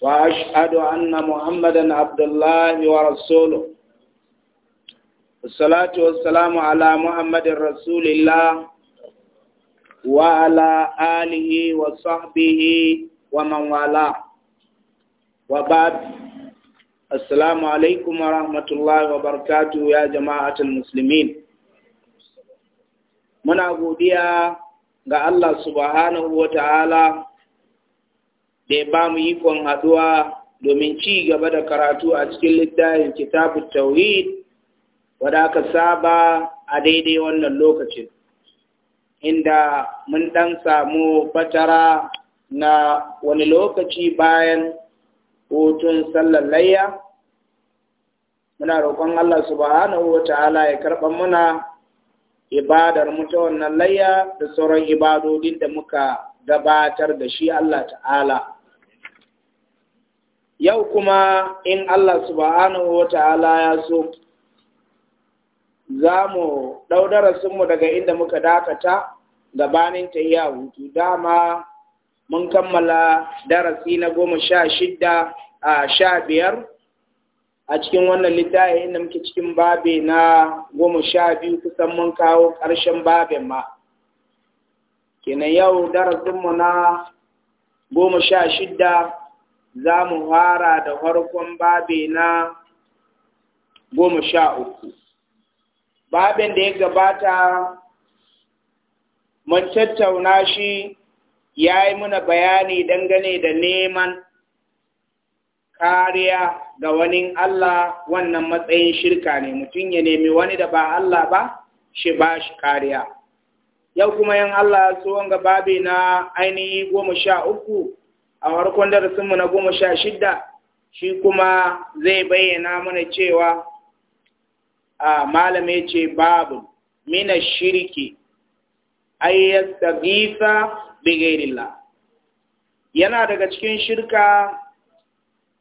وأشهد أن محمدا عبد الله ورسوله الصلاة والسلام على محمد رسول الله وعلى آله وصحبه ومن والاه وبعد السلام عليكم ورحمة الله وبركاته يا جماعة المسلمين muna godiya ga Allah subhanahu wa ta'ala da ya ba mu ikon haɗuwa domin ci gaba da karatu a cikin littafin kitabun tauhid wadda aka saba a daidai wannan lokacin inda mun ɗan samu fatara na wani lokaci bayan hutun sallar layya muna roƙon Allah subhanahu wa ta'ala ya karɓar muna ibadar mutu wannan layya da sauran ibadodin da muka gabatar da shi Allah ta'ala yau kuma in Allah subhanahu wa ta'ala ya so za mu ɗau darasinmu daga inda muka dakata gabanin ta iya hutu dama mun kammala darasi na goma sha shida a sha biyar a cikin wannan littafi inda muke cikin babe na goma sha biyu kusan mun kawo ƙarshen babin ma kenan yau darasinmu na goma sha shida. za mu fara da farkon babi na goma sha uku. Babin da ya gabata mun tattauna shi ya yi muna bayani dangane da neman kariya ga wani Allah wannan matsayin shirka ne mutum ya nemi wani da ba Allah ba shi ba shi kariya. Yau kuma yan Allah su wanga babi na ainihi goma sha uku a farkon darasinmu na goma sha shida shi kuma zai bayyana mana cewa a malame ce babu mina shirki ayyasta gisa bigairilla yana daga cikin shirka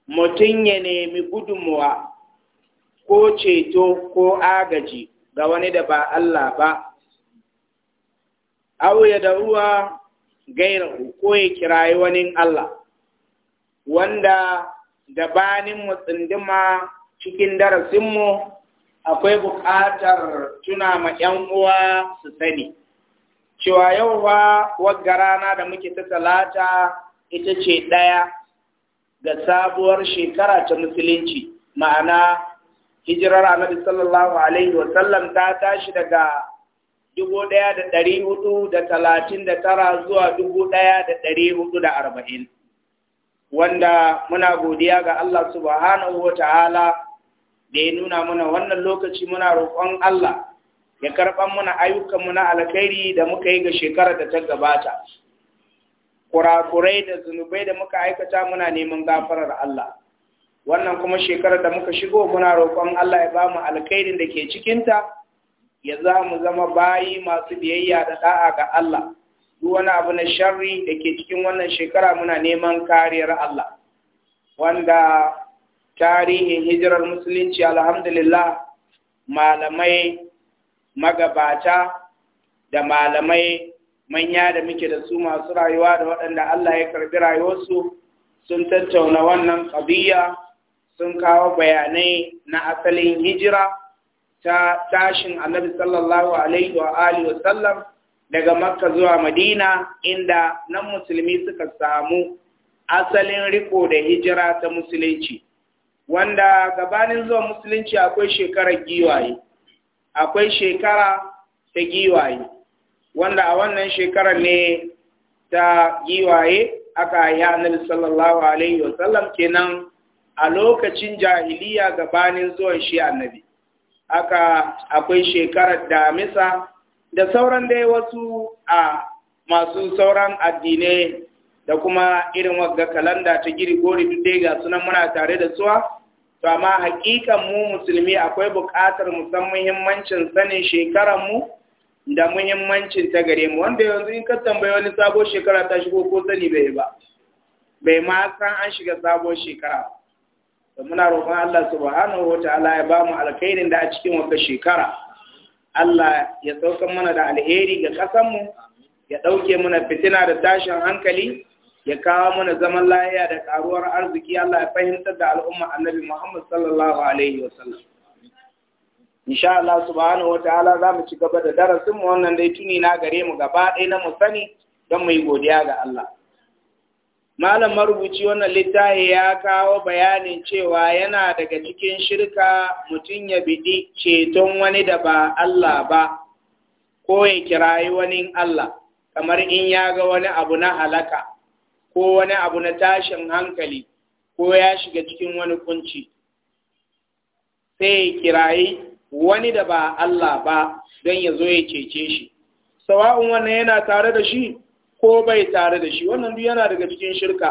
mutum ya nemi gudunmuwa ko ceto ko agaji ga wani da ba Allah ba, au da ruwa gairahu ko ya kirayi wani Allah wanda gabanin mu tsinduma cikin mu, akwai buƙatar tuna ma ‘yan uwa su sani cewa yau ba wadda rana da muke ta talata ita ce ɗaya ga sabuwar shekara ta musulunci ma'ana hijirar annabi sallallahu alaihi wasallam ta tashi daga dubu ɗaya da ɗari hudu da talatin da tara zuwa dubu ɗaya da ɗari hudu da arba'in wanda muna godiya ga Allah subhanahu wa ta'ala da ya nuna muna wannan lokaci muna roƙon Allah ya karɓan muna ayyukan muna alkhairi da muka yi ga shekarar da ta gabata kurakurai da zunubai da muka aikata muna neman gafarar Allah wannan kuma shekarar da muka shigo muna roƙon Allah ya ba mu alkhairin da ke cikinta ya za mu zama bayi masu biyayya da da'a ga Allah duk wani abu na sharri da ke cikin wannan shekara muna neman kariyar Allah wanda tarihin hijirar musulunci alhamdulillah malamai magabata da malamai manya da muke da su masu rayuwa da waɗanda Allah ya karbi rayuwarsu sun tattauna wannan ƙabiya sun kawo bayanai na asalin hijira ta tashin annabi sallallahu alaihi wa alihi wasallam daga makka zuwa madina inda nan musulmi suka samu asalin riko da hijira ta musulunci wanda gabanin zuwa musulunci akwai shekarar giwaye akwai shekara ta giwaye wanda a wannan shekarar ne ta giwaye aka yi annabi sallallahu alaihi wasallam kenan a lokacin jahiliya gabanin zuwan shi annabi aka akwai shekarar damisa da sauran dai wasu a masu sauran addinai da kuma irin wagga kalanda ta giri duk dai ga sunan muna tare da suwa to amma hakikan mu musulmi akwai bukatar mu san muhimmancin sanin shekarar mu da muhimmancin ta gare mu wanda yanzu in ka tambayi wani sabo shekara ta shigo ko sani bai ba bai ma san an shiga sabo shekara ba. da muna roƙon Allah subhanahu wa ta'ala ya ba mu alkhairin da a cikin wata shekara Allah ya saukan mana da alheri ga mu ya dauke mana fitina da tashin hankali ya kawo mana zaman lafiya da karuwar arziki Allah ya fahimtar da al'umma annabi Muhammad sallallahu alaihi wa sallam insha Allah subhanahu wa ta'ala za mu ci gaba da darasin mu wannan dai tuni na gare mu gaba ɗaya na mu sani don mu yi godiya ga Allah malam marubuci wannan littafi ya kawo bayanin cewa yana daga cikin shirka mutum ya biɗi ceton wani da ba Allah ba ko ya kirayi wani Allah kamar in ya ga wani abu na halaka ko wani abu na tashin hankali ko ya shiga cikin wani kunci sai ya kirayi wani da ba Allah ba don ya zo ya cece shi sawa'un wannan yana tare da shi ko bai tare da shi wannan duk yana daga cikin shirka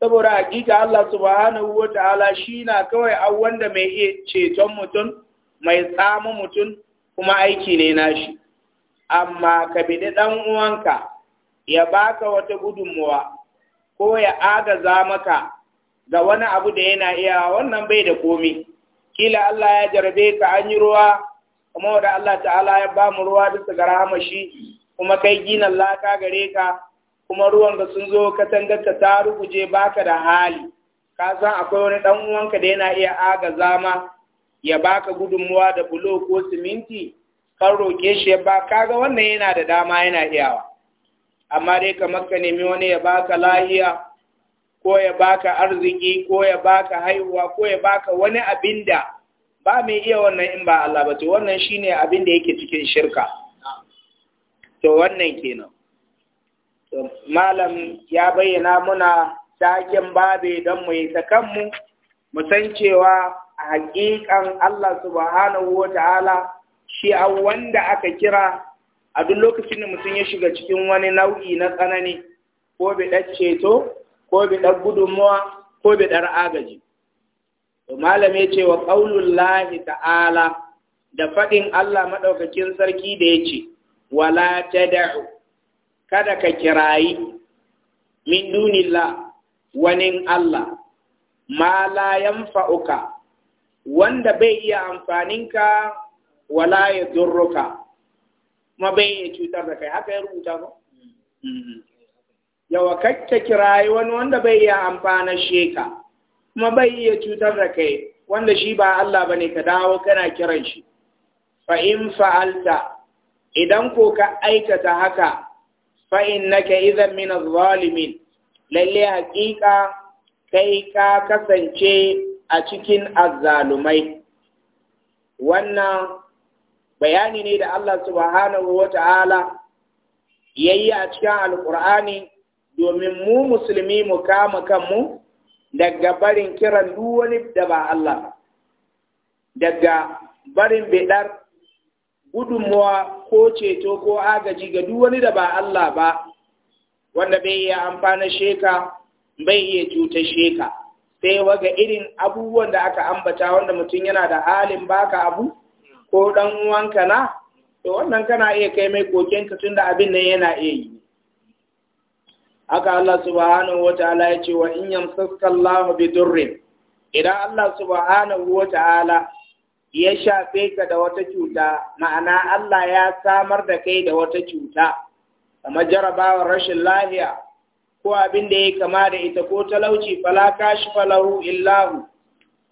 saboda hakika Allah subhanahu wataala shi na kawai a wanda mai iya ceton mutum mai tsamu mutum kuma aiki ne nashi amma ka bidi dan uwanka ya baka wata gudunmuwa ko ya agaza maka ga wani abu da yana iya wannan bai da komai. kila Allah ya jarabe ka an yi ruwa kuma wanda Allah ta'ala ya ba mu ruwa bisa ga rahama shi kuma kai gina laka gare ka kuma ruwan da sun zo katangarta ta kuje baka da hali ka san akwai wani dan uwanka da yana iya agaza zama ya baka gudunmuwa da bulo ko siminti kan roke shi ya ba kaga wannan yana da dama yana iyawa amma dai kamar ka nemi wani ya baka lahiya ko ya baka arziki ko ya baka haihuwa ko ya baka wani abin da ba mai iya wannan in ba Allah ba to wannan shine abin da yake cikin shirka to wannan kenan malam ya bayyana muna taken babe don mu yi ta kanmu mu san cewa a hakikan Allah subhanahu wa ta'ala shi a wanda aka kira a duk lokacin da mutum ya shiga cikin wani nau'i na tsanani ko biɗar ceto ko biɗar gudunmuwa ko biɗar agaji malam ya ce wa ƙaunullahi ta'ala da faɗin Allah maɗaukakin sarki da ya ce, wala tad'u kada ka kirayi min la, wani Allah ma la yanfa'uka wanda bai iya amfaninka wala ya durruka kuma bai iya cutar da kai haka ya rubuta ba mm-hmm. yawa kakka kirayi wani wanda bai iya amfanar sheka kuma bai iya cutar da kai wanda shi ba Allah bane ka dawo kana kiran shi fa in fa'alta idan ko ka aikata haka fa'in naka izan min zalimin lalle haƙiƙa kai ka kasance a cikin azzalumai wannan bayani ne da Allah subhanahu wa ta'ala ya yi a cikin alƙur'ani domin mu musulmi mu kama kanmu daga barin kiran duk wani da ba Allah daga barin bidar gudunmuwa ko ceto ko agaji ga duk wani da ba Allah ba wanda bai iya amfana sheka bai iya cutar sheka sai waga irin abubuwan da aka ambata wanda mutum yana da halin baka abu ko dan uwanka na to wannan kana iya kai mai kokenka tunda abin nan yana iya yi haka Allah subhanahu wataala ya ce wa in yamsaka Allah bi durrin idan Allah subhanahu wataala ya shafe ka da wata cuta ma'ana Allah ya samar da kai da wata cuta kamar jarabawar rashin lahiya ko abin da ya kama da ita ko talauci fala kashi falahu illahu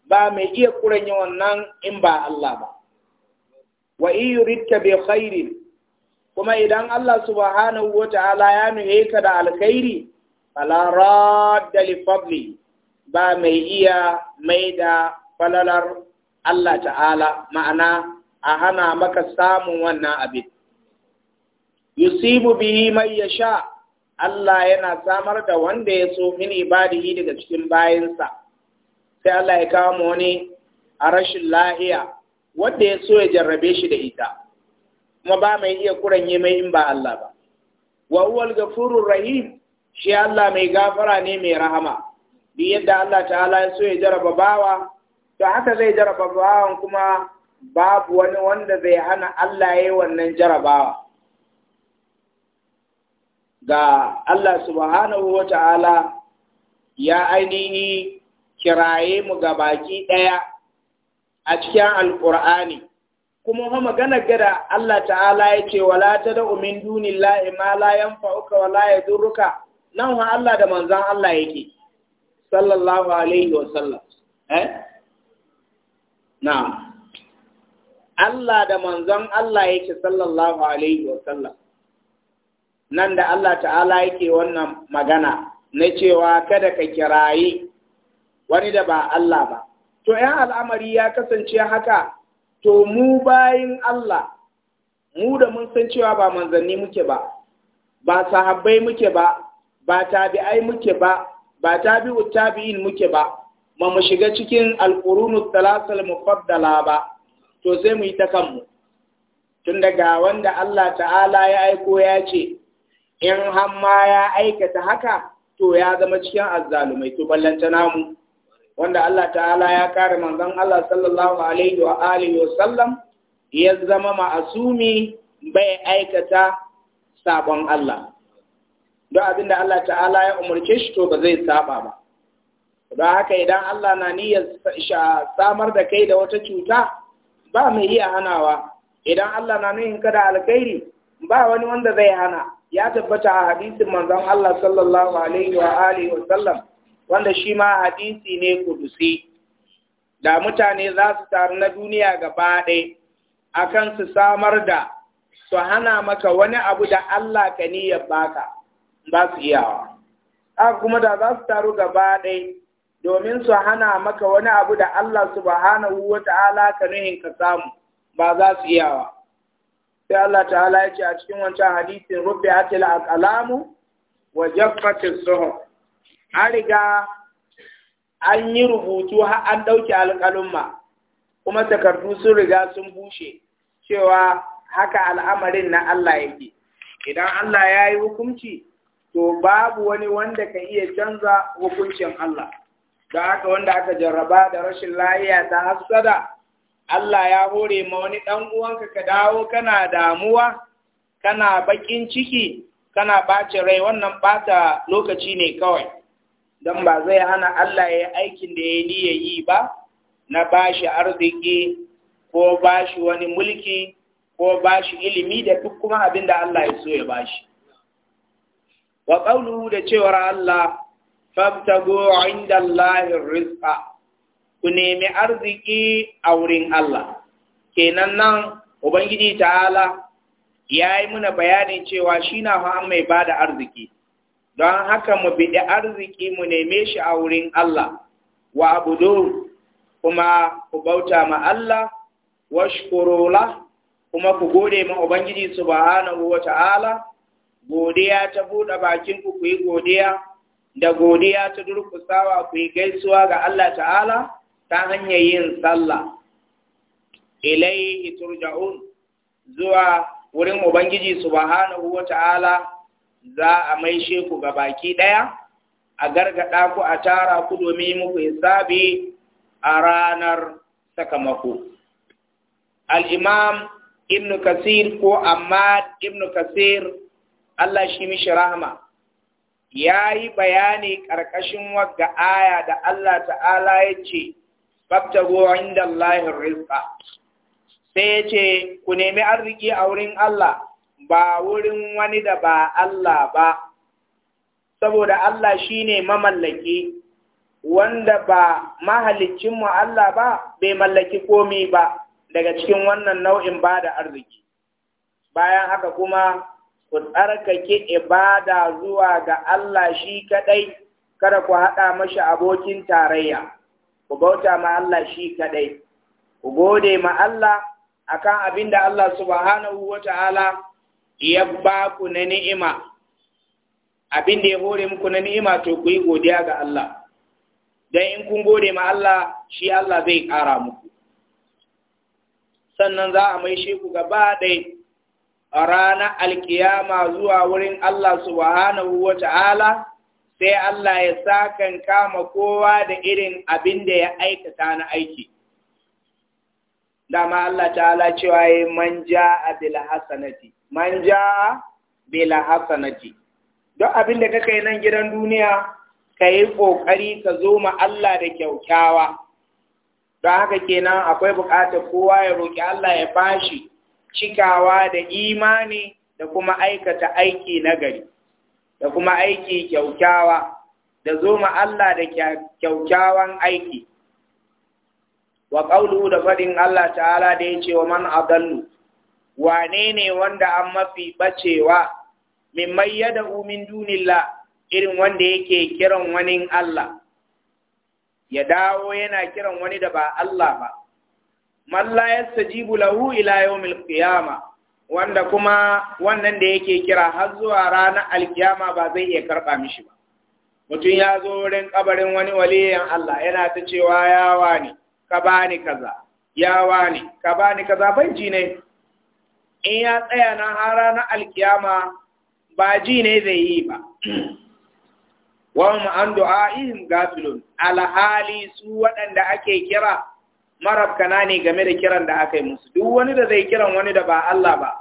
ba mai iya kuran yi wannan in ba Allah ba wa yuridka bi khairin kuma idan Allah subhanahu wa ta'ala ya nuhe ka da alkhairi fala radda li ba mai iya mai da falalar Allah ta'ala ma'ana a hana maka samun wannan abin yusibu bihi mai ya sha Allah yana samar da wanda ya so min ibadihi daga cikin bayansa. sai Allah ya kawo mu wani a rashin lahiya wanda ya so ya jarrabe shi da ita kuma ba mai iya kuranye mai in ba Allah ba wa ga ghafurur rahim shi Allah mai gafara ne mai rahama bi yadda Allah ta'ala ya so ya jarraba bawa to haka zai jaraba bawan kuma babu wani wanda zai hana Allah ya yi wannan jarabawa ga Allah subhanahu wa ta'ala ya ainihi kiraye mu ga baki ɗaya a cikin alƙur'ani kuma kuma magana gada Allah ta'ala ya ce wala ta da umin dunillahi ma layan fa’uka wa la nan ha Allah da manzon Allah yake sallallahu alaihi wa eh na'am Allah da manzon Allah yake sallallahu alaihi wa sallam nan da Allah ta'ala yake wannan magana na cewa kada ka kirayi wani da ba Allah ba to 'yan al'amari ya kasance haka to mu bayin Allah mu da mun san cewa ba manzanni muke ba ba sahabbai muke ba ba tabi'ai muke ba ba tabi'u tabi'in muke ba ba mu shiga cikin alƙurunu talasal mufaddala ba to sai mu yi ta kanmu tun daga wanda Allah ta'ala ya aiko ya ce in hamma ya aikata haka to ya zama cikin azzalumai to ballanta namu wanda Allah ta'ala ya kare manzon Allah sallallahu alaihi wa alihi wa sallam ya zama ma'asumi bai aikata sabon Allah don abin da Allah ta'ala ya umarce shi to ba zai saba ba Da haka idan Allah na niyyar samar da kai da wata cuta ba mai iya hanawa idan Allah na nuhin ka da alkhairi ba wani wanda zai hana ya tabbata a hadisin manzon Allah sallallahu alaihi wa alihi wa wanda shi ma hadisi ne kudusi da mutane za su taru na duniya gaba ɗaya akan su samar da su hana maka wani abu da Allah ka niyyar baka ba su iyawa a kuma da za su taru gaba ɗaya domin su hana maka wani abu da Allah subhanahu wa ta'ala ka nuhin ka samu ba za su iyawa sai Allah ta'ala ya ce a cikin wancan hadisin rufe a kalamu wa jaffatis suhur an riga an yi rubutu an ɗauke alƙalumma kuma takardu sun riga sun bushe cewa haka al'amarin na Allah yake idan Allah ya yi hukunci to babu wani wanda ka iya canza hukuncin Allah da haka wanda aka jarraba da rashin lahiya ta hassada Allah ya hore ma wani ɗan uwanka ka dawo kana damuwa kana bakin ciki kana ɓace rai wannan ɓata lokaci ne kawai don ba zai hana Allah ya yi aikin da ya niyya yi ba na bashi arziki ko bashi wani mulki ko bashi ilimi da duk kuma abin da Allah ya so ya bashi wa qawluhu da cewar Allah fabtago inda Allahi rizqa ku nemi arziki a wurin Allah kenan nan ubangiji ta'ala ya yi muna bayanin cewa shi na fa'an mai ba da arziki don haka mu biɗi arziki mu neme shi a wurin Allah wa abudu kuma ku bauta ma Allah wa shukurula kuma ku gode ma Ubangiji subhanahu wa ta'ala godiya ta buɗe bakin ku ku yi godiya da godiya ta durkusawa ku yi gaisuwa ga Allah ta'ala ta hanyar yin sallah ilaihi turja'un zuwa wurin ubangiji subhanahu wa ta'ala za a maishe ku ga baki ɗaya a gargaɗa ku a tara ku domin muku hisabi a ranar sakamako al-imam ibn kasir ko amma ibn kasir Allah shi mishi rahama ya yi bayani ƙarƙashin wagga aya da Allah ta'ala ya ce, Fabtago inda Allahin rizqa sai ya ce, Ku nemi arziki a wurin Allah, ba wurin wani da ba Allah ba, saboda Allah shi ne mamallaki, wanda ba mahalicinmu Allah ba, bai mallaki komi ba daga cikin wannan nau'in ba da arziki. Bayan haka kuma, ku tsarkake ibada zuwa ga Allah shi kadai kada ku haɗa mashi abokin tarayya ku bauta ma Allah shi kadai ku gode ma Allah akan abinda Allah subhanahu wataala ya ba ku na ni'ima abin da ya hore muku na ni'ima to ku yi godiya ga Allah dan in kun gode ma Allah shi Allah zai ƙara muku sannan za a mai shi ku gaba dai a ranar alkiyama zuwa wurin Allah subhanahu wa ta'ala, sai Allah ya sakan kama kowa da irin abin da ya aikata na aiki. Dama Allah ta'ala cewa yi man a bila hasanati, manja a bila hasanati. Don abin da kaka yi nan gidan duniya, ka yi ƙoƙari ka zo ma Allah da kyaukyawa. Don haka kenan akwai buƙatar kowa ya roƙi Allah ya bashi cikawa da imani da kuma aikata aiki nagari da kuma aiki kyaukyawa da zo Allah da kyaukyawan aiki wa qawluhu da fadin Allah ta'ala da yace wa man adallu wane ne wanda an mafi bacewa mimman yad'u umin dunillah irin wanda yake kiran wani Allah ya dawo yana kiran wani da ba Allah ba man la yastajibu lahu ila yawmil qiyama wanda kuma wannan da yake kira har zuwa ranar alkiyama ba zai iya karba mishi ba mutum ya zo wurin kabarin wani waliyan Allah yana ta cewa yawa ne ka bani kaza yawa ne ka bani kaza banji ne in ya tsaya na har na alkiyama ba ji ne zai yi ba wa an du'a'ihim gafilun alhali su waɗanda ake kira marabkana ne game da kiran da aka yi musu duk wani da zai kiran wani da ba Allah ba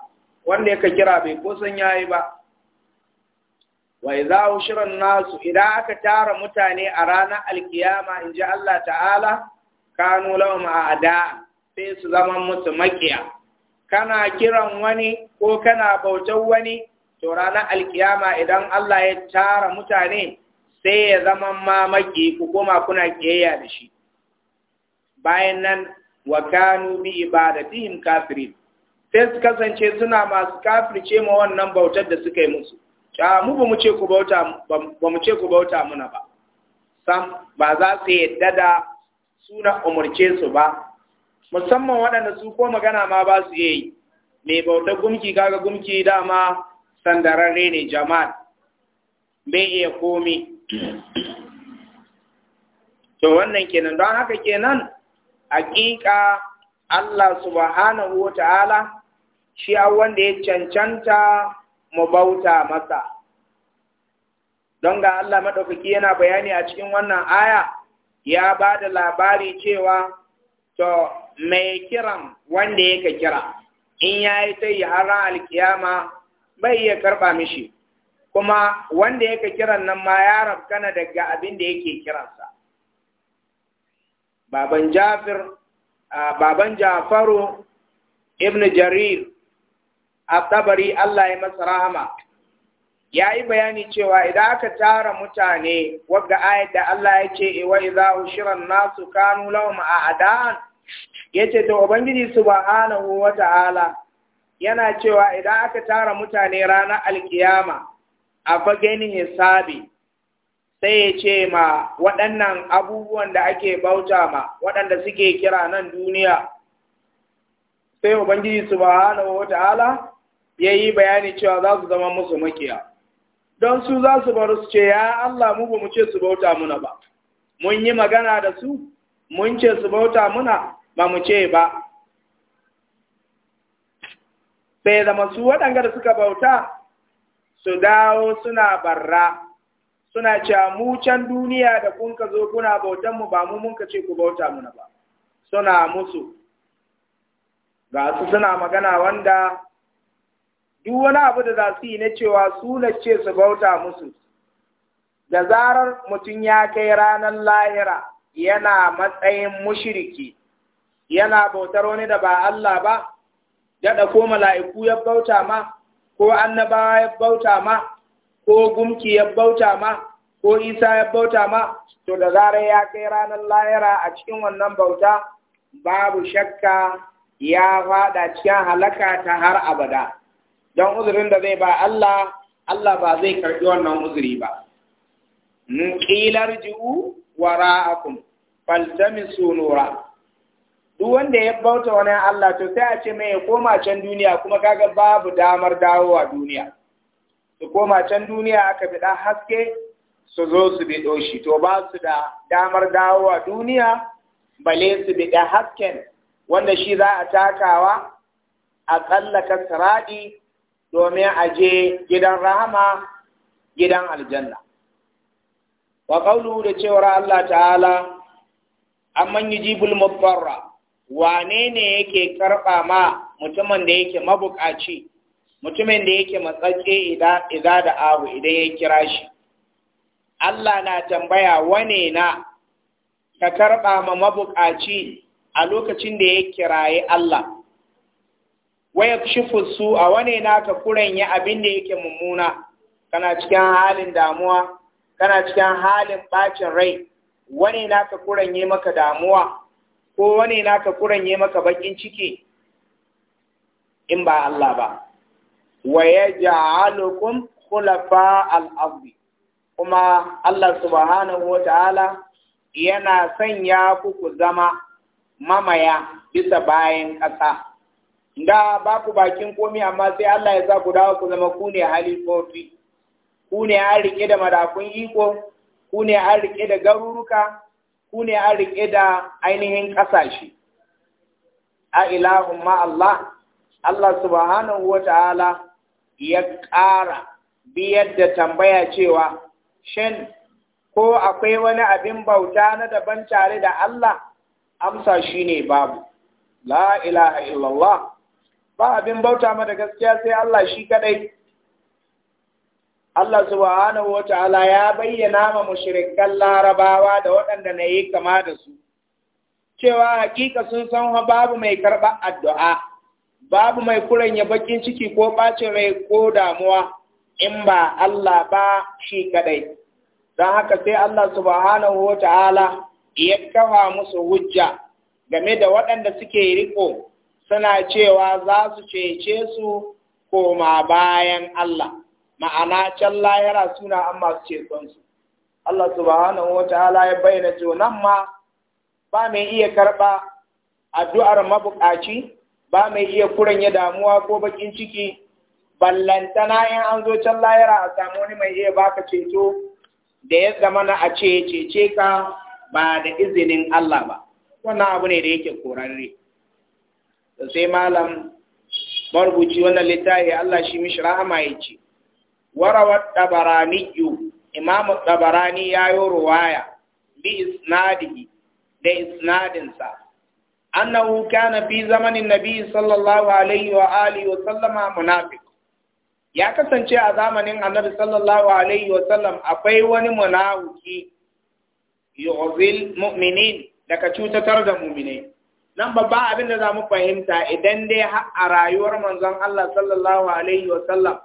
wanda yaka kira bai ko san yayi ba wa idza ushiran nasu idan aka tara mutane a ranar alkiyama in ji Allah ta'ala kanu lahum a'da sai su zama musu makiya kana kiran wani ko kana bautar wani to ranar alkiyama idan Allah ya tara mutane sai ya zama mamaki ku koma kuna kiyayya da shi bayan nan wa kanu bi ibadatihim kafirin sai su kasance suna masu kafirce ma wannan bautar da suka yi musu ta mu ba mu ce ku bauta ba mu ce ku bauta muna ba sam ba za su yadda da suna umurce su ba musamman waɗanda su ko magana ma ba su yi Me bautar gumki kaga gumki dama sandararre ne jama'a bai iya komi to wannan kenan don haka kenan haƙiƙa Allah subhanahu wa ta'ala shi wanda ya cancanta mu bauta masa. Don ga Allah maɗaukaki yana bayani a cikin wannan aya ya ba da labari cewa to mai kiran wanda yake kira in ya yi ta yi har alkiyama bai iya karɓa mishi kuma wanda yake kiran nan ma ya rafkana daga abin da yake kiransa. baban Jafir baban Jafaru ibn Jarir at Allah ya masa rahama yi bayani cewa idan aka tara mutane wanda ayat da Allah ya yake wa idza ushiran nasu kanu lahum a'dan yace to ubangiji subhanahu wata'ala yana cewa idan aka tara mutane ranar alkiyama a fagen hisabi sai ya ce ma waɗannan abubuwan da ake bauta ma waɗanda suke kira nan duniya sai ubangiji subhanahu ta'ala ya yi bayani cewa za su zama musu makiya don su za su bar su ce ya Allah mu ba mu ce su bauta muna ba mun yi magana da su mun ce su bauta muna ba mu ce ba sai zama su waɗanda suka bauta su dawo suna barra suna cewa mu can duniya da kun ka zo kuna bautan mu ba mu mun ka ce ku bauta muna ba suna musu ga su suna magana wanda duk wani abu da za su yi na cewa su na ce su bauta musu da zarar mutum ya kai ranar lahira yana matsayin mushiriki yana bautar wani da ba Allah ba daɗa ko mala'iku ya bauta ma ko annabawa ya bauta ma ko gumki ya bauta ma ko isa ya bauta ma to da zarar ya kai ranar lahira a cikin wannan bauta babu shakka ya fada cikin halaka ta har abada don uzurin da zai ba Allah Allah ba zai karbi wannan uzuri ba ƙilar ji'u wa faltamisu nura duk wanda ya bauta wani Allah to sai a ce mai ya koma can duniya kuma kaga babu damar dawo a duniya su koma can duniya aka bi ɗan haske su zo su bi shi, to ba su da damar dawo dawowa duniya bale su bi ɗan hasken wanda shi za a takawa a tsallaka siraɗi domin a je gidan rahama gidan aljanna wa qawluhu da cewar Allah ta'ala amman jibul mubarra wane ne yake karɓa ma mutumin da yake mabuƙaci? mutumin da yake matsatse idan da abu idan ya kira shi Allah na tambaya wane na ka karɓa ma mabukaci a lokacin da ya kiraye Allah waya shifu su a wane na ka kuranya abin da yake mummuna kana cikin halin damuwa kana cikin halin bacin rai wane na ka kuranye maka damuwa ko wane na ka kuranye maka bakin ciki in ba Allah ba wa yaj'alukum khulafa al-ardi kuma Allah subhanahu ta'ala yana sanya ku ku zama mamaya bisa bayan ƙasa da ba ku bakin komi amma sai Allah ya sa ku dawo ku zama ku ne halifofi ku ne an rike da madafun iko ku ne an rike da garuruka ku ne an rike da ainihin ƙasashe a ilahun ma Allah Allah subhanahu wa ta'ala ya ƙara biyar da tambaya cewa shin ko akwai wani abin bauta na daban tare da Allah amsa shine babu la ilaha illallah ba abin bauta ma da gaskiya sai Allah shi kaɗai. Allah subhanahu wa ta'ala ya bayyana ma mushrikan larabawa da waɗanda na yi kama da su cewa hakika sun san babu mai karɓar addu'a babu mai kuranya bakin ciki ko ɓacin rai ko damuwa in ba Allah ba shi kadai don haka sai Allah subhanahu wa ta'ala ya kafa musu hujja game da waɗanda suke riko suna cewa za su cece su koma bayan Allah ma'ana can lahira suna an masu cetonsu Allah subhanahu wa ta'ala ya bayyana nan ma ba mai iya karɓa addu'ar mabuƙaci. ba mai iya kuranya damuwa ko bakin ciki ballantana in an zo can layara a samu wani mai iya baka ceto da ya zama na a ce cece ka ba da izinin Allah ba wannan abu ne da yake korarre sai malam marubuci wannan littafi Allah shi mishi rahama ya ce warawar tabarani yu imamu tabarani ya yi ruwaya bi isnadihi da isnadinsa annahu kana fi zamanin nabi sallallahu alaihi wa alihi wa sallama ya kasance a zamanin annabi sallallahu alaihi wa sallam akwai wani munafiki yu'zil mu'minin daga cutatar da mu'minai nan babba abin da zamu fahimta idan dai a rayuwar manzon Allah sallallahu alaihi wa sallam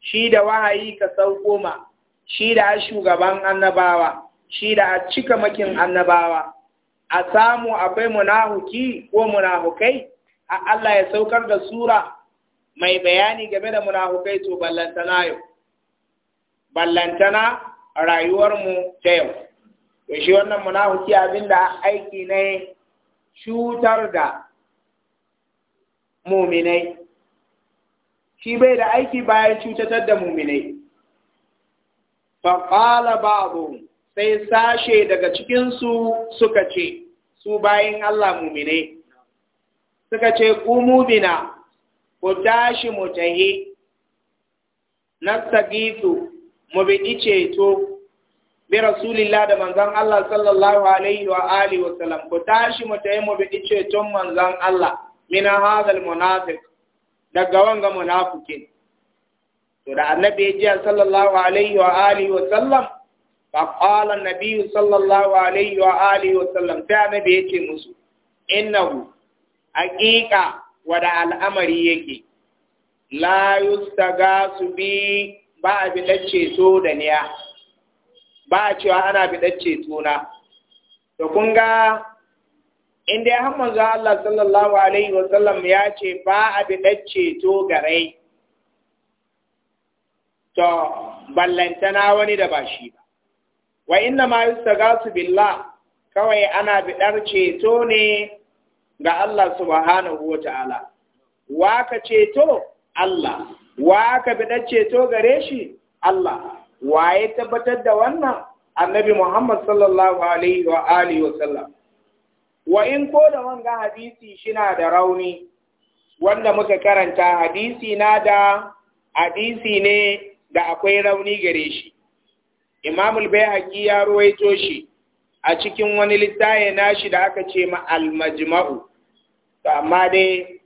shi da wahayi ka sauko ma shi da shugaban annabawa shi da cika makin annabawa a samu akwai munahuki ko munahukai a Allah ya saukar da sura mai bayani game da munahukai to ballantana yau ballantana rayuwarmu ta yau to shi wannan munahuki abinda aiki ne cutar da muminai shi bai da aiki bayan cutatar da muminai faƙala babu. sai sashe daga cikinsu suka ce su bayin Allah mumine suka ce ƙumu bina ku tashi mu tahi nastagitu mu biɗi ceto bi rasulillah da manzan Allah sallallahu alaihi wa alihi wa salam. ku tashi mu tahi mu biɗi ceton manzan Allah mina hadal munafiq daga wanga munafikin to da annabi ya ji sallallahu alaihi wa alihi wa sallam فقال النبي صلى الله عليه وآله وسلم تعالى بيتي مسو إنه حقيقة ودع الأمر يكي لا يستغاث بي ba a bidacce so da niya ba a cewa ana bidacce suna to kun ga inda ya hamman Allah sallallahu alaihi wa sallam ya ce ba a bidacce to garai to ballantana wani da ba shi ba wa inna ma yustaghasu billah kawai ana biɗar ceto ne ga Allah subhanahu wa ta'ala wa ka ceto Allah wa ka biɗar ceto gare shi Allah wa ya tabbatar da wannan annabi Muhammad sallallahu alaihi wa alihi wa sallam wa in ko da wanga hadisi shina da rauni wanda muka karanta hadisi na da hadisi ne da akwai rauni gare shi Imamul bai baihaqi ya ruwaito shi a cikin wani littafi nashi da aka ce ma Almajima'u. to amma dai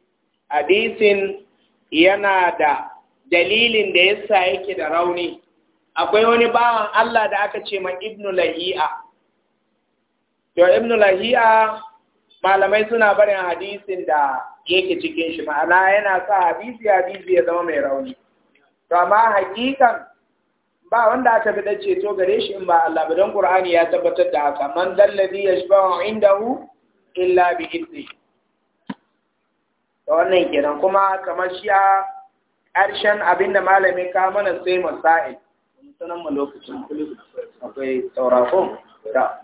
hadisin yana da dalilin da ya sa yake da rauni akwai wani bawan Allah da aka ce ma ibnu Lahi'a to ibnu Lahi'a malamai suna barin hadisin da yake cikin shi ma'ana yana sa hadisi hadisi ya zama mai rauni to amma hakikan ba wanda aka fi bi ceto gare shi in ba Allah ba don Qur'ani ya tabbatar da haka man dalladhi yashba'u indahu illa bi idni to wannan kenan kuma kamar shi a ƙarshen abinda malamin ka mana sai masail sanan mu lokacin akwai saurako da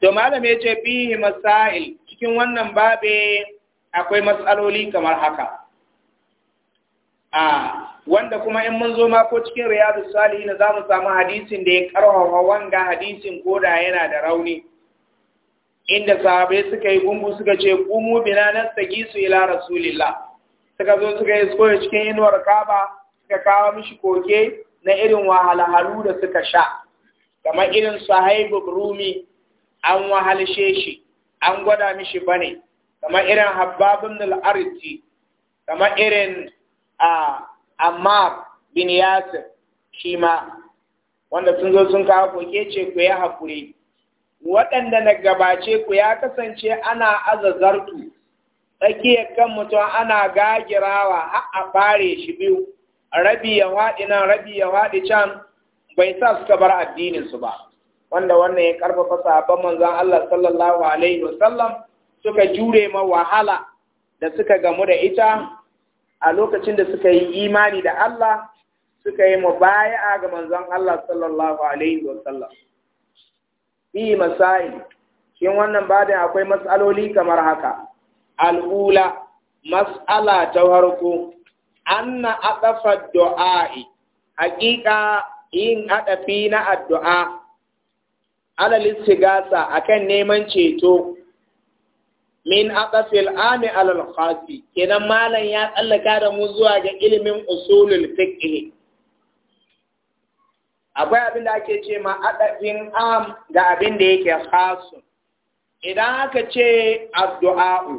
to malamin ya ce bihi masail cikin wannan babe akwai matsaloli kamar haka a wanda kuma in mun zo ma ko cikin riyadu salihin za mu samu hadisin da ya karhawa wanga hadisin koda yana da rauni inda sahabbai suka yi gungu suka ce kumu bina nastagisu ila rasulillah suka zo suka yi tsoye cikin inuwar kaba suka kawo mishi koke na irin wahalhalu da suka sha kamar irin sahibu rumi an wahalshe shi an gwada mishi bane kamar irin habbabun al-arti kamar irin a Ammar bin Yasir shi ma wanda sun zo sun kawo koke ce ku ya haƙuri waɗanda na gabace ku ya kasance ana aza zartu. tsakiyar kan mutum ana gagirawa har a fare shi biyu rabi ya waɗi nan rabi ya waɗi can bai sa suka bar addininsu ba wanda wannan ya karfafa sahabban manzon Allah sallallahu alaihi wasallam suka jure ma wahala da suka gamu da ita a lokacin da suka yi imani da Allah suka yi mubaya'a ga manzon Allah sallallahu alaihi wa sallam bi masail shin wannan dai akwai matsaloli kamar haka al'ula mas'ala ta farko anna aqafa du'a'i haqiqa yin adafi na addu'a ala lissigasa akan neman ceto min aqasil ami ala alqasi kenan malam ya tsallaka da mu zuwa ga ilimin usulul fiqh akwai abin da ake ce ma adafin am da abin da yake khasu idan aka ce addu'a'u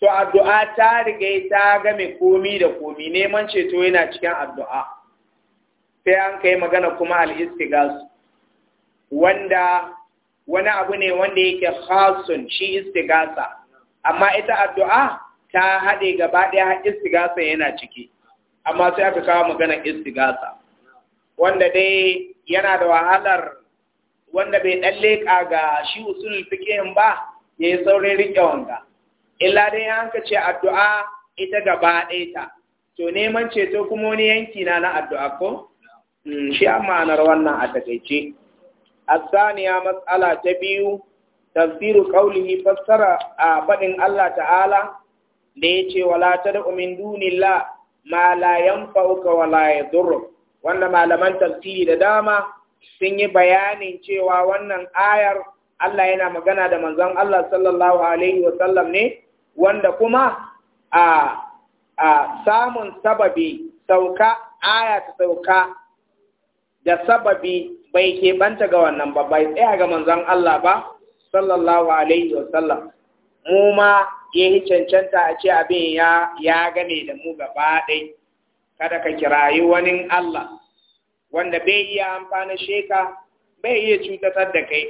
to addu'a ta riga ta game komi da komi neman ceto yana cikin addu'a sai an kai magana kuma al istighas wanda wani abu ne wanda yake khasun shi istigasa amma ita addu'a ta haɗe gaba ɗaya istigasa yana ciki amma sai aka kawo magana istigasa wanda dai yana da wahalar wanda bai ɗan leƙa ga shi usulul fikihin ba yayi saurin riƙe wanga illa dai ya ka ce addu'a ita gaba ɗaya ta to neman ceto kuma wani yanki na na addu'a ko hmm, shi amma anar wannan a takaice الثانية مسألة تبيو تفسير قوله فسر فدن الله تعالى ليتي ولا تدع من دون الله ما لا ينفعك ولا يضرك wanda malaman tafsiri da dama sun yi bayanin cewa wannan ayar Allah yana magana da manzon Allah sallallahu alaihi wasallam ne wanda kuma a, samun sababi sauka aya sauka da sababi bai keɓanta ga wannan ba bai tsaya ga manzon Allah ba sallallahu alaihi wa sallam. mu ma ya yi cancanta a ce abin ya ya game da mu gaba ɗai kada ka kirayi wani Allah wanda bai iya amfana sheka bai iya cutatar da kai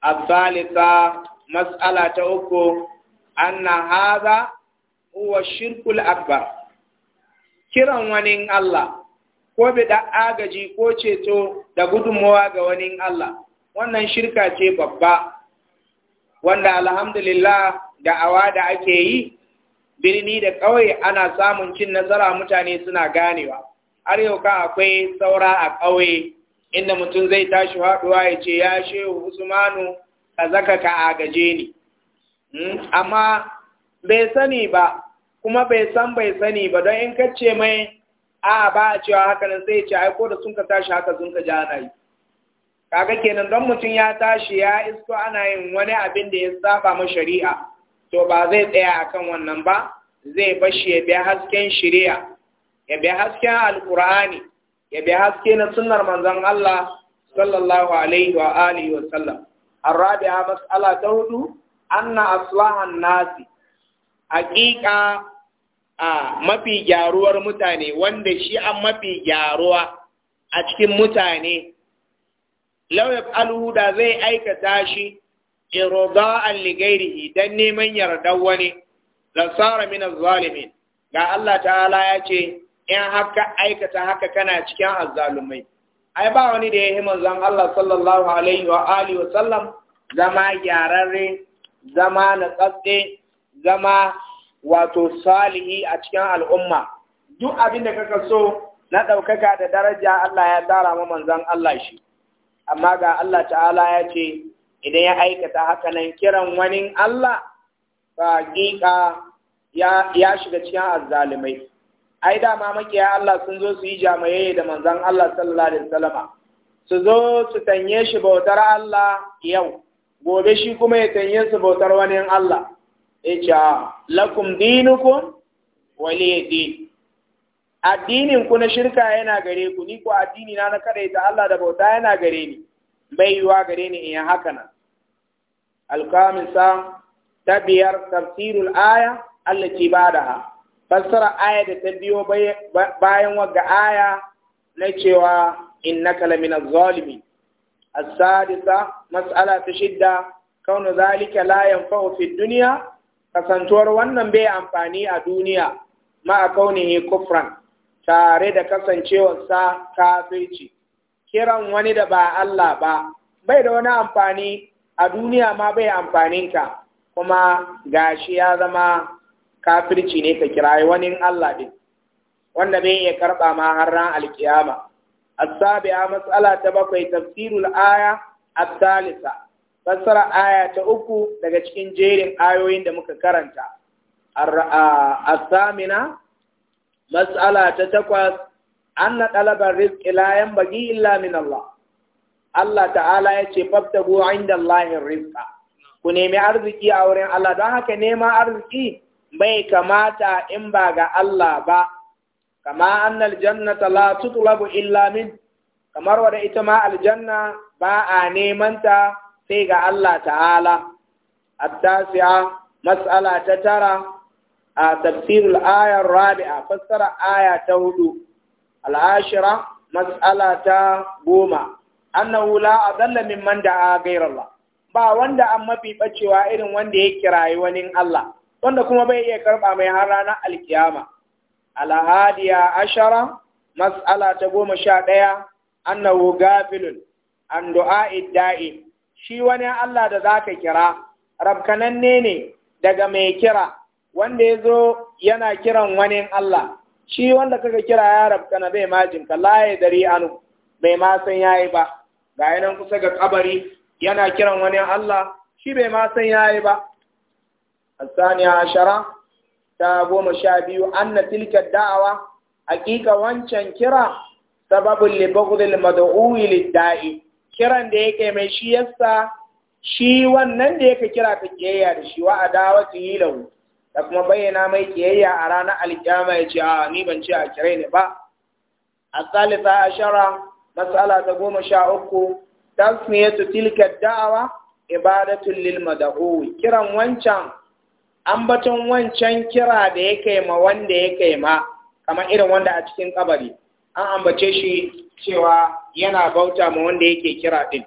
asalisa mas'ala ta uku anna hadha huwa shirkul akbar kiran wani Allah ko da agaji ko ceto da gudunmawa ga wani Allah wannan shirka ce babba wanda alhamdulillah da'awa da ake yi birni da ƙauye ana samun cin nasara mutane suna ganewa har yau ka akwai saura a ƙauye inda mutum zai tashi haɗuwa ya ce ya shehu usmanu ka zaka ka agaje ni hmm? amma bai sani ba kuma bai san bai sani ba don in kace mai a ba a cewa haka nan sai ce ai ko da sun ka tashi haka sun ka ji ana yi kaga kenan don mutum ya tashi ya isko ana yin wani abin da ya saba ma shari'a to ba zai tsaya akan wannan ba zai bashi ya bi hasken shari'a ya bi hasken alkur'ani ya bi haske na sunnar manzon Allah sallallahu alaihi wa alihi wa sallam arabiya mas'ala ta hudu anna aslahan nasi haƙiƙa a mafi gyaruwar mutane wanda shi an mafi gyaruwa a cikin mutane lauyaf alhuda zai aikata shi iroda'an ligairihi idan neman yardar wani lansara min zalimin ga Allah ta'ala ya ce in haka aikata haka kana cikin azzalumai ai ba wani da ya yi manzon Allah sallallahu alaihi wa alihi wa sallam zama gyararre zama na tsatse zama wato salihi a cikin al'umma duk abin da kaka so na ɗaukaka da daraja Allah ya tara ma manzan Allah shi amma ga Allah ta'ala ya ce idan ya aikata hakanan kiran wani Allah ba hakika ya shiga cikin azzalimai ai dama makiya Allah sun zo su yi jamaye da manzan Allah sallallahu alaihi Salama. su zo su tanye shi bautar Allah yau gobe shi kuma ya tanye su bautar wani Allah ya ce ah, lakum dinukum waliya din addinin ku na shirka yana gare ku ni ko addini na na kada ta Allah da bauta yana gare ni bai yiwa gare ni in haka nan alkamisa ta biyar tafsirul aya allati badaha fassara aya da ta biyo bayan wagga aya na cewa innaka lamina zalimi as-sadisa mas'ala ta shidda kaunu zalika layan yanfa'u duniya. kasantuwar wannan bai amfani a duniya ma'a kaunihi kufran tare da kasancewarsa kafirci kiran wani da ba Allah ba bai da wani amfani a duniya ma bai ka, kuma gashi ya zama kafirci ne ka kira wani Allah din wanda bai iya karba ma har ran alkiyama asabi'a matsala ta bakwai tafsirul aya at talisa. fassara aya ta uku daga cikin jerin ayoyin da muka karanta asamina mas'ala ta takwas anna talabar rizqi la yanbaghi illa min Allah Allah ta'ala ya ce fabtagu inda Allahin rizqa ku nemi arziki a wurin Allah don haka nema arziki bai kamata in ba ga Allah ba kama annal jannata la tutlabu illa min kamar wada ita ma aljanna ba a neman ta sai ga Allah ta'ala ta tara a مسألة تترى Rabi'a الآية ta hudu آية تهدو ta ta goma annahu la adalla mimman دعا غير الله ba wanda an mafi bacewa irin wanda ya kirayi wani Allah wanda kuma bai iya karba mai har ranar alkiyama alhadiya ashara mas'ala ta goma sha ɗaya annahu gafilun an du'a idda'i shi wani Allah da za ka kira rabkananne ne daga mai kira wanda ya zo yana kiran wani Allah shi wanda kaka kira ya rabkana bai majin ka laye dari anu bai ma san yayi ba ga yanan kusa ga kabari yana kiran wani Allah shi bai ma san yayi ba asaniya ashara ta goma sha biyu anna tilka da'awa hakika wancan kira sababin libagudin mad'uwi lidda'i kiran da yake mai shi yasa shi wannan da yake kira ka kiyayya da shi wa adawati hilahu da kuma bayyana mai kiyayya a ranar alkiyama ya ce a ni ban ce a kirai ne ba a ashara matsala ta goma sha uku tasmiyatu tilka da'awa ibadatu lil madahu kiran wancan ambaton wancan kira da yake ma wanda yake ma kamar irin wanda a cikin kabari an ambace shi cewa yana bauta ma wanda yake kira din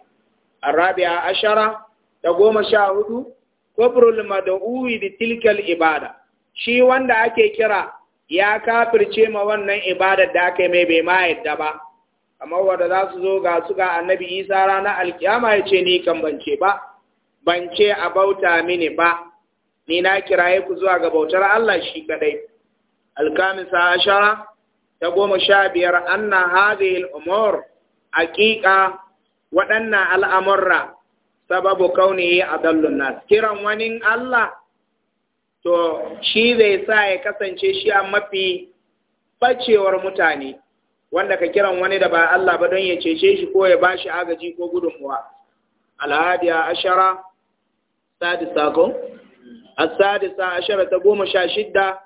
arabiya ashara da goma sha hudu kufrul mad'uwi da tilkal ibada shi wanda ake kira ya kafirce ma wannan ibada da aka mai bai ma yadda ba kamar wanda za su zo ga su ga annabi isa rana alkiyama ya ce ni kan bance ba bance a bauta mini ba ni na kiraye ku zuwa ga bautar Allah shi kadai alkamisa ashara ta goma sha biyar anna hadhihi al-umur aƙiƙa waɗannan al'amurra sababu kauni a dallon nas kiran wani Allah to shi zai sa ya kasance shi a mafi bacewar mutane wanda ka kiran wani da ba Allah ba don ya cece shi ko ya bashi agaji ko gudunmuwa alhadiya ashara sadisa ko asadisa ashara ta goma sha shidda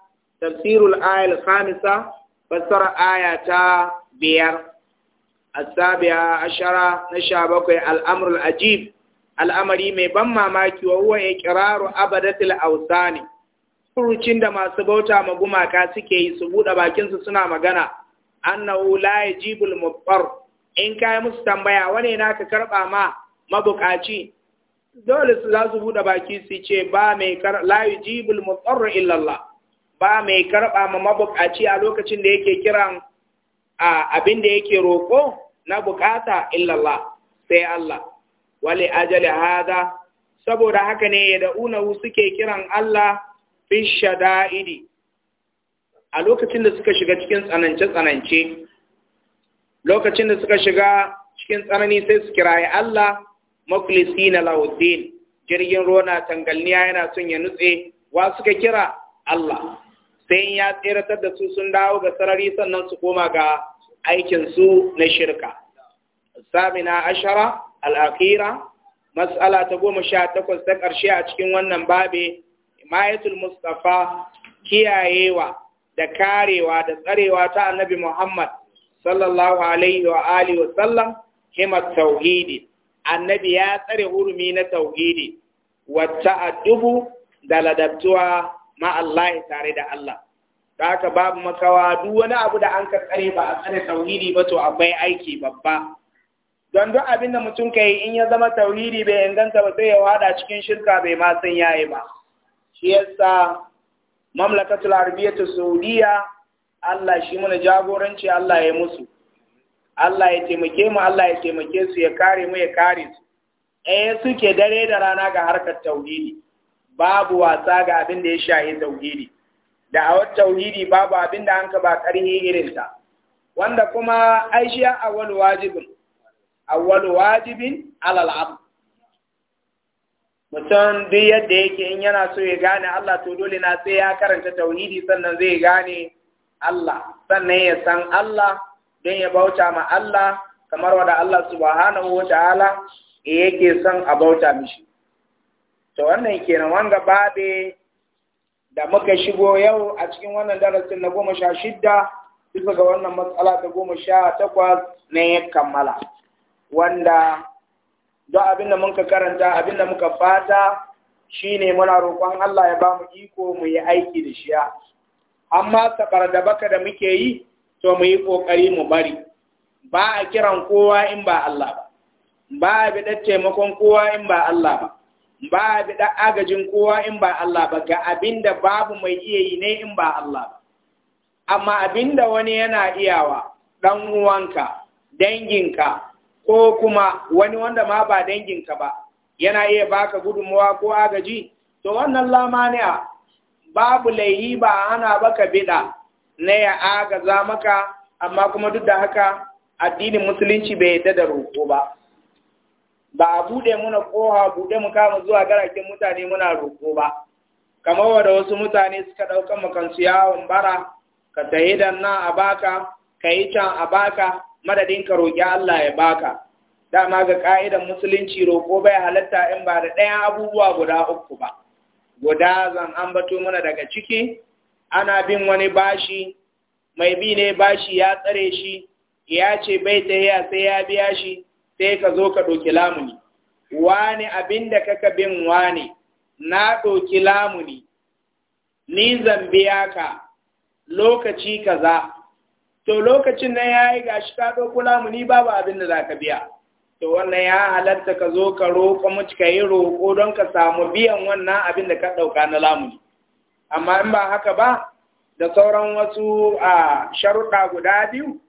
tafsirul ayal khamisa fassara aya ta biyar asabiya ashara na sha bakwai al'amrul ajib al'amari mai ban mamaki wa huwa iqraru abadatil awsani furucin da masu bauta ma gumaka suke yi su buɗe bakinsu suna magana annahu la yajibul mubtar in kai musu tambaya wane na ka karba ma mabukaci dole su za buɗe baki su ce ba mai la yajibul mubtar ba mai karɓa ma mabukaci a lokacin da yake kiran abin da yake roƙo na bukata illallah sai Allah wali ajali hada saboda haka ne ya wu suke kiran Allah fi shada'idi a lokacin da suka shiga cikin tsanance-tsanance lokacin da suka shiga cikin tsanani sai su kirayi Allah na lauddin jirgin ruwa na tangalniya yana son ya nutse wa suka kira Allah sai ya tseratar da su sun dawo ga sarari sannan su koma ga aikinsu na shirka. Samina ashara al'akira, matsala ta goma sha takwas ta ƙarshe a cikin wannan babe, Mayatul Mustapha kiyayewa da karewa da tsarewa ta annabi Muhammad sallallahu alaihi wa alihi wa himar tauhidi. Annabi ya tsare hurumi na tauhidi, wata addubu da ladabtuwa ma'allahi tare da Allah. da haka babu makawa duk wani abu da an ka tsare ba a tsare tauhidi ba to akwai aiki babba don duk abin da mutum ka yi in ya zama tauhidi bai inganta ba sai ya wada cikin shirka bai ma san yayi ba shi yasa mamlakatul arabiyyatu saudiya Allah shi mana jagoranci Allah ya musu Allah ya taimake mu Allah ya taimake su ya kare mu ya kare su eh suke dare da rana ga harkar tauhidi babu wasa ga abin da ya shahi tauhidi da'awar tauhidi babu abin da an ka ba ƙarhi irinta wanda kuma aishiya awwal wajibin awwal wajibin alal mutum duk yadda yake in yana so ya gane Allah to dole na sai ya karanta tauhidi sannan zai gane Allah sannan ya san Allah don ya bauta ma Allah kamar wada Allah subhanahu wa ta'ala yake son a bauta mishi to wannan kenan wanga babe da muka shigo yau a cikin wannan darasin na goma sha shidda bisa ga wannan matsala ta goma sha takwas ne ya kammala wanda don abin da muka karanta abin da muka fata shine muna roƙon Allah ya ba mu iko mu yi aiki da shi amma sabar da baka da muke yi to mu yi ƙoƙari mu bari ba a kiran kowa in ba Allah ba ba a biɗar taimakon kowa in ba Allah ba ba da agajin kowa in ba Allah ba ga abinda babu mai iya yi ne in ba Allah ba amma abinda wani yana iyawa dan uwanka danginka ko kuma wani wanda ma ba danginka ba yana iya baka gudunmuwa ko agaji to wannan lamaniya babu laihi ba ana baka bida na ya agaza maka amma kuma duk da haka addinin musulunci bai yadda da roƙo ba ba a buɗe muna ƙoha buɗe mu kama zuwa garakin mutane muna roƙo ba kamar wanda wasu mutane suka ɗauka makansu yawon bara ka tahi dan na a baka ka yi can a baka madadin ka roƙi Allah ya baka dama ga ƙa'idan musulunci roƙo bai halatta in ba da ɗayan abubuwa guda uku ba guda zan ambato mana daga ciki ana bin wani bashi mai bi ne bashi ya tsare shi ya ce bai tahiya sai ya biya shi sai ka zo ka ɗauki lamuni wani abin da kaka bin wani na ɗauki lamuni ni zan biya ka lokaci kaza to lokacin na ya yi gashi ka ɗauko lamuni babu abin da za ka biya to wannan ya halarta ka zo ka roƙo mu ka yi roƙo don ka samu biyan wannan abin da ka ɗauka na lamuni amma in ba haka ba da sauran wasu a sharuɗa guda biyu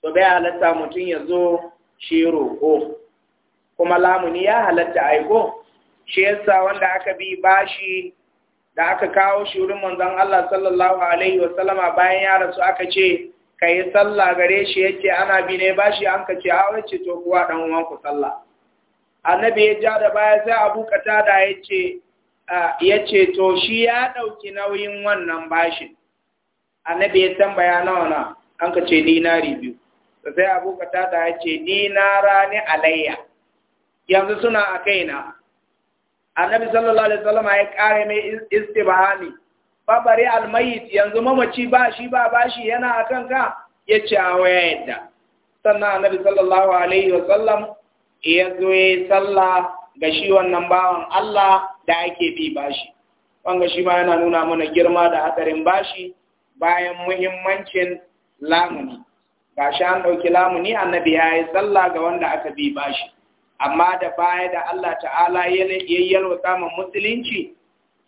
to bai halatta mutum ya zo shi roƙo kuma lamuni ya halatta aiko shi yasa wanda aka bi bashi da aka kawo shi wurin manzon Allah sallallahu alaihi wa sallama bayan ya rasu aka ce kai sallah gare shi yake ana bi ne bashi an ka ce a ce to kuwa dan uwan ku sallah annabi ya ja da baya sai Abu da ya yace to shi ya ɗauki nauyin wannan bashin annabi ya tambaya nawa na an ka ce dinari biyu sai abu kata da ce ni na rani alayya yanzu suna a kaina annabi sallallahu alaihi wasallam ya kare mai istibhami babari almayit yanzu mamaci ba shi ba bashi yana akan ka ya ce a waya yadda sannan annabi sallallahu alaihi wasallam ya zo ya yi sallah ga shi wannan bawan Allah da ake bi bashi wanga shi ma yana nuna mana girma da hatsarin bashi bayan muhimmancin lamuni Ga shi an ɗauki lamuni annabi ya yi sallah ga wanda aka bi shi amma da baya da Allah ta'ala ya yalwa samun musulunci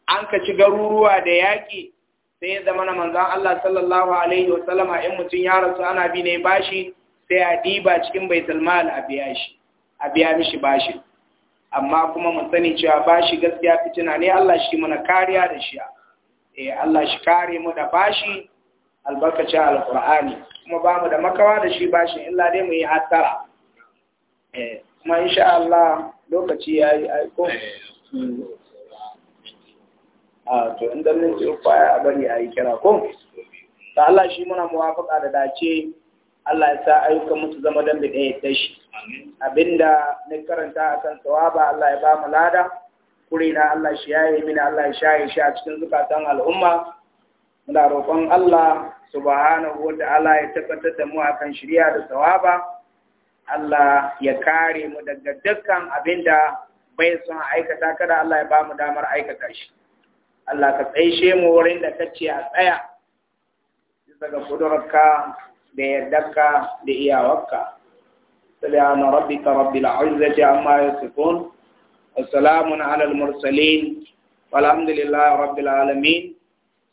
an ka ci garuruwa da yaƙi sai ya zama na manzan Allah sallallahu alaihi wasallama in mutum ya rasu ana bi ne bashi sai a diba cikin bai a biya shi a biya mishi bashi amma kuma mun sani cewa bashi gaskiya fitina ne Allah shi mana kariya da shi eh, Allah shi kare mu da bashi albarkacin alqur'ani kuma ba mu da makawa da shi bashin illa dai mu yi hattara eh, kuma insha Allah lokaci ya yi aiko a to inda minti uku ya bari a yi kira ko ta Allah shi muna muwafaka da dace Allah ya sa ayyuka mutu zama don da ɗaya ta shi abinda na karanta a kan tsawaba Allah ya ba mu lada kurina Allah shi ya yi mini Allah ya shaye shi a cikin zukatan al'umma muna roƙon Allah subhanahu wa ta'ala ya tabbatar da mu akan shirya da sawaba Allah ya kare mu daga dukkan abinda bai son aikata kada Allah ya ba mu damar aikata shi Allah ka tsaishe mu wurin da kace a tsaya daga kudurka, da yardarka da iyawarka سبحان ربك رب العزة عما يصفون وسلام على المرسلين والحمد لله rabbi العالمين